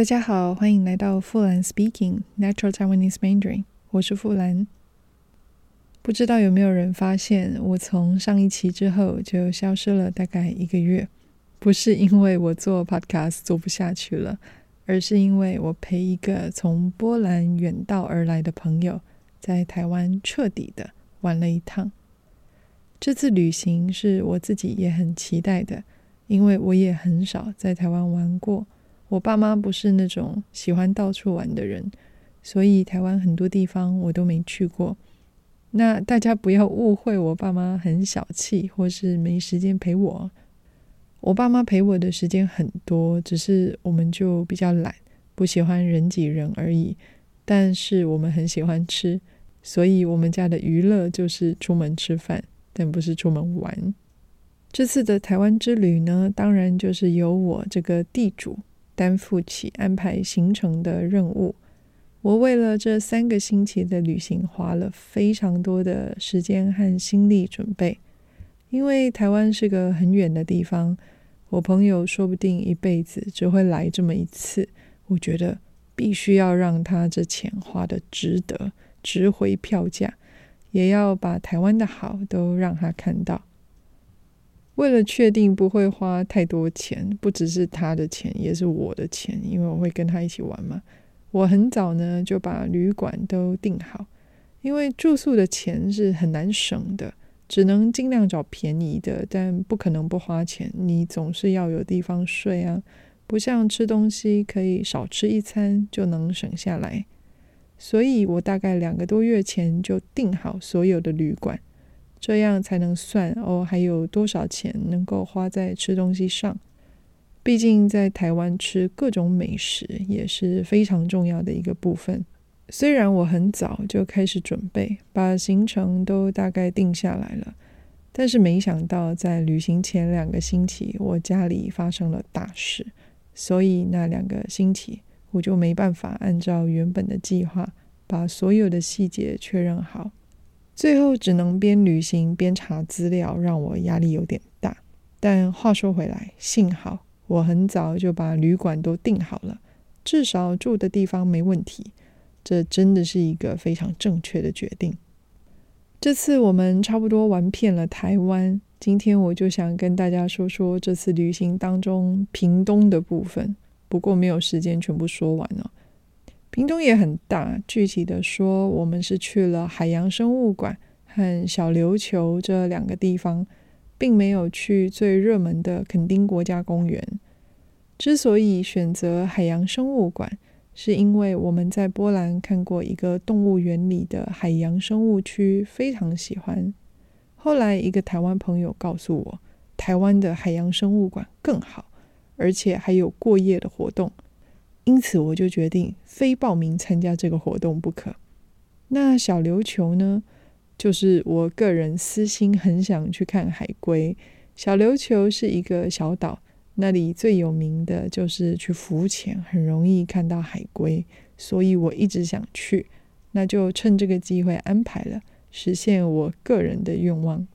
大家好，歡迎來到富蘭 Speaking Natural Taiwanese Mandarin，我是富蘭。不知道有沒有人發現，我從上一期之後就消失了大概一個月。不是因為我做 podcast 做不下去了，而是因為我陪一個從波蘭遠道而來的朋友，在台灣徹底的玩了一趟。這次旅行是我自己也很期待的，因為我也很少在台灣玩過。我爸媽不是那種喜歡到處玩的人，所以台灣很多地方我都沒去過。那大家不要誤會，我爸媽很小氣，或是沒時間陪我。我爸媽陪我的時間很多，只是我們就比較懶，不喜歡人擠人而已。但是我們很喜歡吃，所以我們家的娛樂就是出門吃飯，但不是出門玩。這次的台灣之旅呢，當然就是由我這個地主。擔負起安排行程的任務。我為了這三個星期的旅行，花了非常多的時間和心力準備。因為台灣是個很遠的地方，我朋友說不定一輩子只會來這麼一次。我覺得必須要讓他這錢花的值得，值回票價，也要把台灣的好都讓他看到。為了確定不會花太多錢，不只是他的錢，也是我的錢，因為我會跟他一起玩嘛。我很早呢就把旅館都訂好，因為住宿的錢是很難省的，只能盡量找便宜的，但不可能不花錢。你總是要有地方睡啊，不像吃東西可以少吃一餐就能省下來。所以我大概兩個多月前就訂好所有的旅館。這樣才能算哦，還有多少錢能夠花在吃東西上？畢竟在台灣吃各種美食也是非常重要的一個部分。雖然我很早就開始準備，把行程都大概定下來了，但是沒想到在旅行前兩個星期，我家裡發生了大事，所以那兩個星期我就沒辦法按照原本的計劃把所有的細節確認好。最後只能邊旅行邊查資料，讓我壓力有點大。但話說回來，幸好我很早就把旅館都訂好了，至少住的地方沒問題。這真的是一個非常正確的決定。這次我們差不多玩遍了台灣，今天我就想跟大家說說這次旅行當中屏東的部分，不過沒有時間全部說完了。屏東也很大。具體的說，我們是去了海洋生物館和小琉球這兩個地方，並沒有去最熱門的墾丁國家公園。之所以選擇海洋生物館，是因為我們在波蘭看過一個動物園裡的海洋生物區，非常喜歡。後來一個台灣朋友告訴我，台灣的海洋生物館更好，而且還有過夜的活動。因此，我就決定非報名參加這個活動不可。那小琉球呢？就是我個人私心很想去看海龜。小琉球是一個小島，那裡最有名的就是去浮潛，很容易看到海龜，所以我一直想去。那就趁這個機會安排了，實現我個人的願望。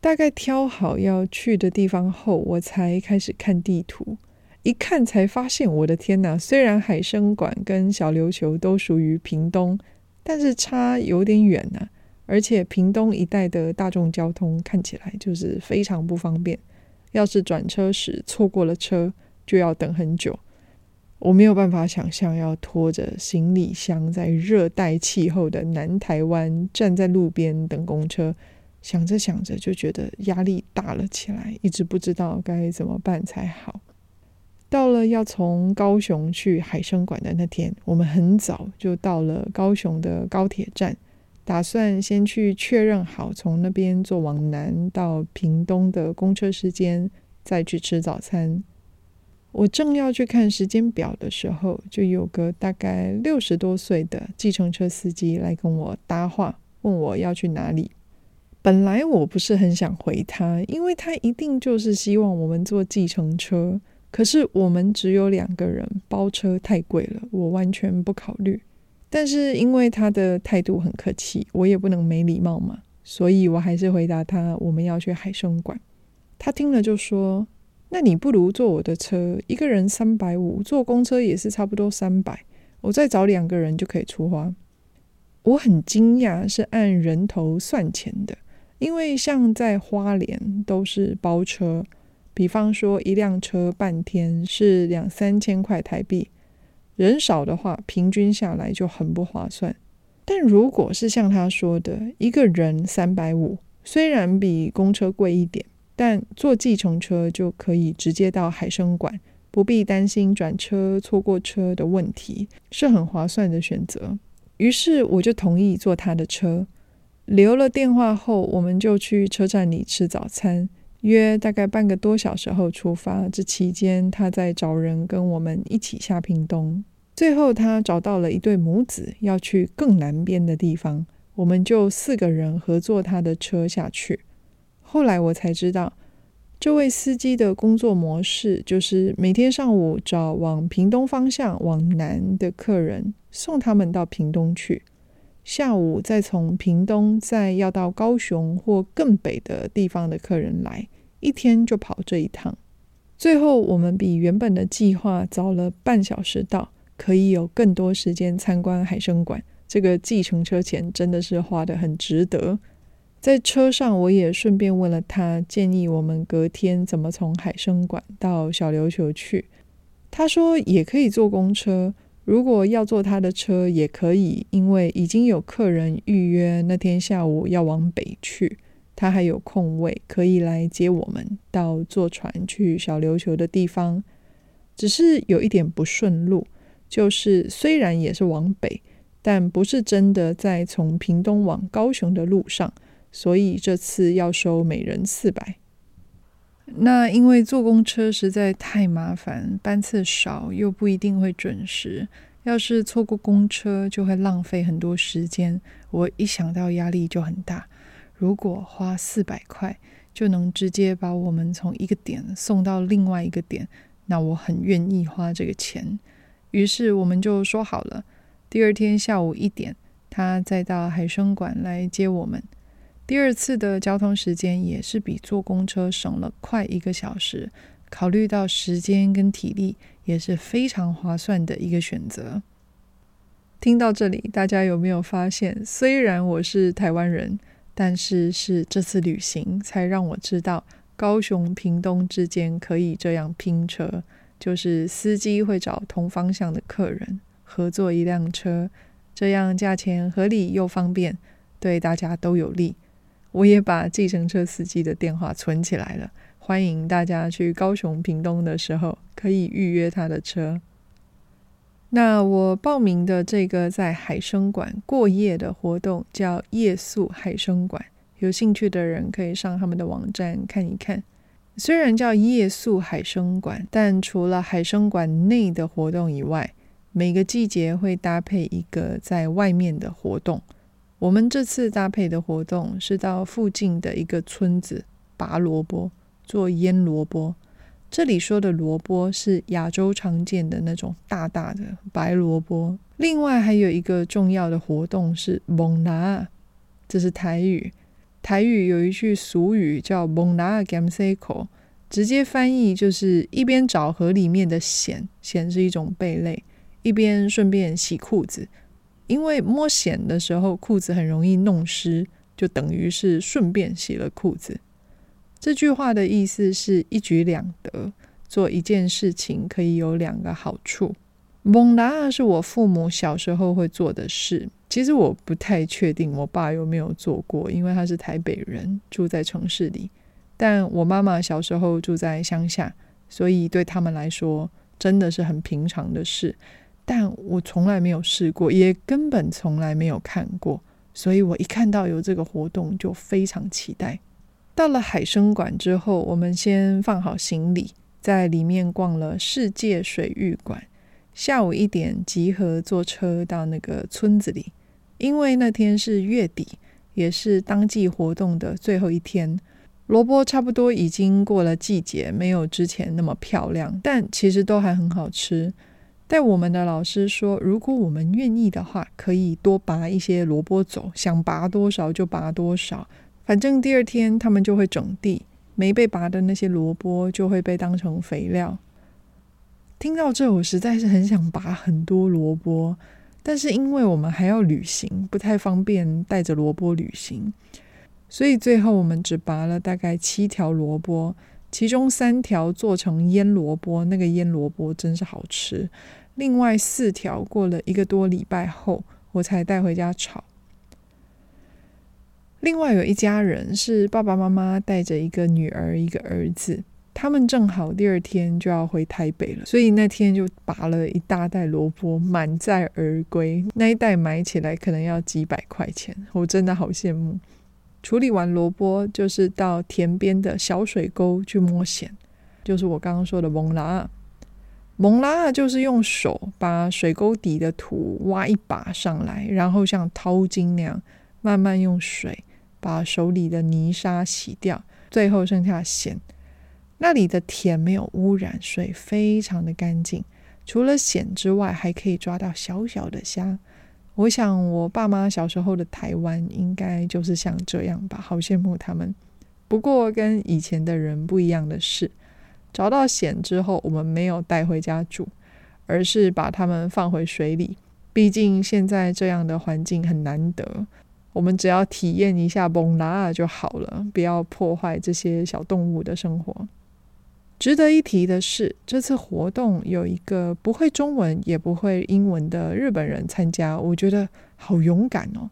大概挑好要去的地方後，我才開始看地圖。一看才發現，我的天哪！雖然海生館跟小琉球都屬於屏東，但是差有點遠呢、啊。而且屏東一帶的大眾交通看起來就是非常不方便，要是轉車時錯過了車，就要等很久。我沒有辦法想象要拖着行李箱在熱帶氣候的南台灣站在路邊等公車，想着想着就覺得壓力大了起來，一直不知道該怎麼辦才好。到了要從高雄去海生館的那天，我們很早就到了高雄的高鐵站，打算先去確認好從那邊坐往南到屏東的公車時間，再去吃早餐。我正要去看時間表的時候，就有個大概六十多歲的計程車司機來跟我搭話，問我要去哪裡。本來我不是很想回他，因為他一定就是希望我們坐計程車。可是我們只有兩個人，包車太貴了，我完全不考慮。但是因為他的態度很客氣，我也不能沒禮貌嘛，所以我還是回答他我們要去海生館。他聽了就說：“那你不如坐我的車，一個人三百五，坐公車也是差不多三百，我再找兩個人就可以出發。”我很驚訝，是按人頭算錢的，因為像在花蓮都是包車。比方說，一輛車半天是兩三千塊台幣，人少的話，平均下來就很不划算。但如果是像他說的，一個人三百五，雖然比公車貴一點，但坐計程車就可以直接到海生館，不必擔心轉車、錯過車的問題，是很划算的選擇。於是我就同意坐他的車，留了電話後，我們就去車站裡吃早餐。約大概半個多小時後出發，這期間他在找人跟我們一起下屏東。最後他找到了一對母子要去更南邊的地方，我們就四個人合坐他的車下去。後來我才知道，這位司機的工作模式就是每天上午找往屏東方向往南的客人，送他們到屏東去。下午再從屏東，再要到高雄或更北的地方的客人來，一天就跑這一趟。最後我們比原本的計劃早了半小時到，可以有更多時間參觀海生館。這個計程車錢真的是花得很值得。在車上我也順便問了他，建議我們隔天怎麼從海生館到小琉球去。他說也可以坐公車。如果要坐他的車也可以，因為已經有客人預約那天下午要往北去，他還有空位，可以來接我們到坐船去小琉球的地方。只是有一點不順路，就是雖然也是往北，但不是真的在從屏東往高雄的路上，所以這次要收每人四百。那因為坐公車實在太麻煩，班次少又不一定會準時，要是錯過公車就會浪費很多時間，我一想到壓力就很大。如果花四百塊就能直接把我們從一個點送到另外一個點，那我很願意花這個錢。於是我們就說好了，第二天下午一點，他再到海生館來接我們。第二次的交通時間也是比坐公車省了快一個小時，考慮到時間跟體力，也是非常划算的一個選擇。聽到這裡，大家有沒有發現，雖然我是台灣人，但是是這次旅行才讓我知道，高雄、屏東之間可以這樣拼車，就是司機會找同方向的客人合坐一輛車，這樣價錢合理又方便，對大家都有利。我也把計程車司機的電話存起來了，歡迎大家去高雄屏東的時候可以預約他的車。那我報名的這個在海生館過夜的活動叫夜宿海生館，有興趣的人可以上他們的網站看一看。雖然叫夜宿海生館，但除了海生館內的活動以外，每個季節會搭配一個在外面的活動。我們這次搭配的活動是到附近的一個村子拔蘿蔔做醃蘿蔔。這裡說的蘿蔔是亞洲常見的那種大大的白蘿蔔。另外還有一個重要的活動是“蒙娜”，這是台語。台語有一句俗語叫、bon “蒙娜 gamseco”，直接翻譯就是一邊找河裡面的蜆，蜆是一種貝類，一邊順便洗褲子。因為摸蜆的時候，褲子很容易弄濕，就等於是順便洗了褲子。這句話的意思是一舉兩得，做一件事情可以有兩個好處。蒙達是我父母小時候會做的事，其實我不太確定我爸有沒有做過，因為他是台北人，住在城市裡，但我媽媽小時候住在鄉下，所以對他們來說，真的是很平常的事。但我從來沒有試過，也根本從來沒有看過，所以我一看到有這個活動就非常期待。到了海生館之後，我們先放好行李，在裡面逛了世界水域館。下午一點集合，坐車到那個村子裡。因為那天是月底，也是當季活動的最後一天，蘿蔔差不多已經過了季節，沒有之前那麼漂亮，但其實都還很好吃。帶我們的老師說，如果我們願意的話，可以多拔一些蘿卜走，想拔多少就拔多少。反正第二天他們就會整地，沒被拔的那些蘿卜就會被當成肥料。聽到這，我實在是很想拔很多蘿卜，但是因為我們還要旅行，不太方便帶着蘿卜旅行，所以最後我們只拔了大概七條蘿卜。其中三條做成醃蘿蔔，那個醃蘿蔔真是好吃。另外四條過了一個多禮拜後，我才帶回家炒。另外有一家人是爸爸媽媽帶着一個女兒一個兒子，他們正好第二天就要回台北了，所以那天就拔了一大袋蘿蔔，滿載而歸。那一袋買起來可能要幾百塊錢，我真的好羨慕。處理完蘿蔔，就是到田邊的小水溝去摸蜆，就是我剛剛說的蒙拉。蒙拉就是用手把水溝底的土挖一把上來，然後像淘金那樣，慢慢用水把手裡的泥沙洗掉，最後剩下蜆。那裡的田沒有汙染，水非常的乾淨，除了蜆之外，還可以抓到小小的蝦。我想，我爸媽小時候的台灣應該就是像這樣吧，好羨慕他們。不過跟以前的人不一樣的是，找到蜆之後，我們沒有帶回家煮，而是把它們放回水裡。畢竟現在這樣的環境很難得，我們只要體驗一下蹦拉就好了，不要破壞這些小動物的生活。值得一提的是，這次活動有一個不會中文也不會英文的日本人參加，我覺得好勇敢哦！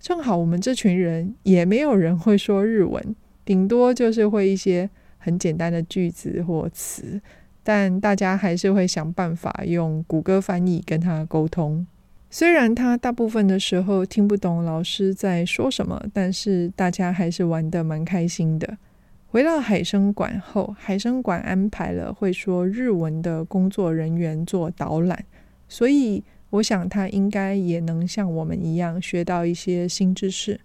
正好我們這群人也沒有人會說日文，頂多就是會一些很簡單的句子或詞，但大家還是會想辦法用谷歌翻譯跟他溝通。雖然他大部分的時候聽不懂老師在說什麼，但是大家還是玩得蠻開心的。回到海生館後，海生館安排了會說日文的工作人員做導覽，所以我想他應該也能像我們一樣學到一些新知識。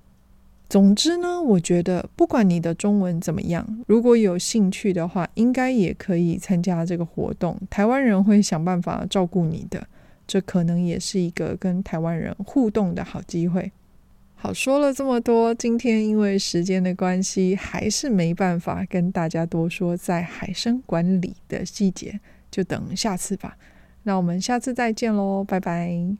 總之呢，我覺得不管你的中文怎麼樣，如果有興趣的話，應該也可以參加這個活動。台灣人會想辦法照顧你的，這可能也是一個跟台灣人互動的好機會。好，說了這麼多，今天因為時間的關係，還是沒辦法跟大家多說在海生館裡的細節，就等下次吧。那我們下次再見嘍，拜拜。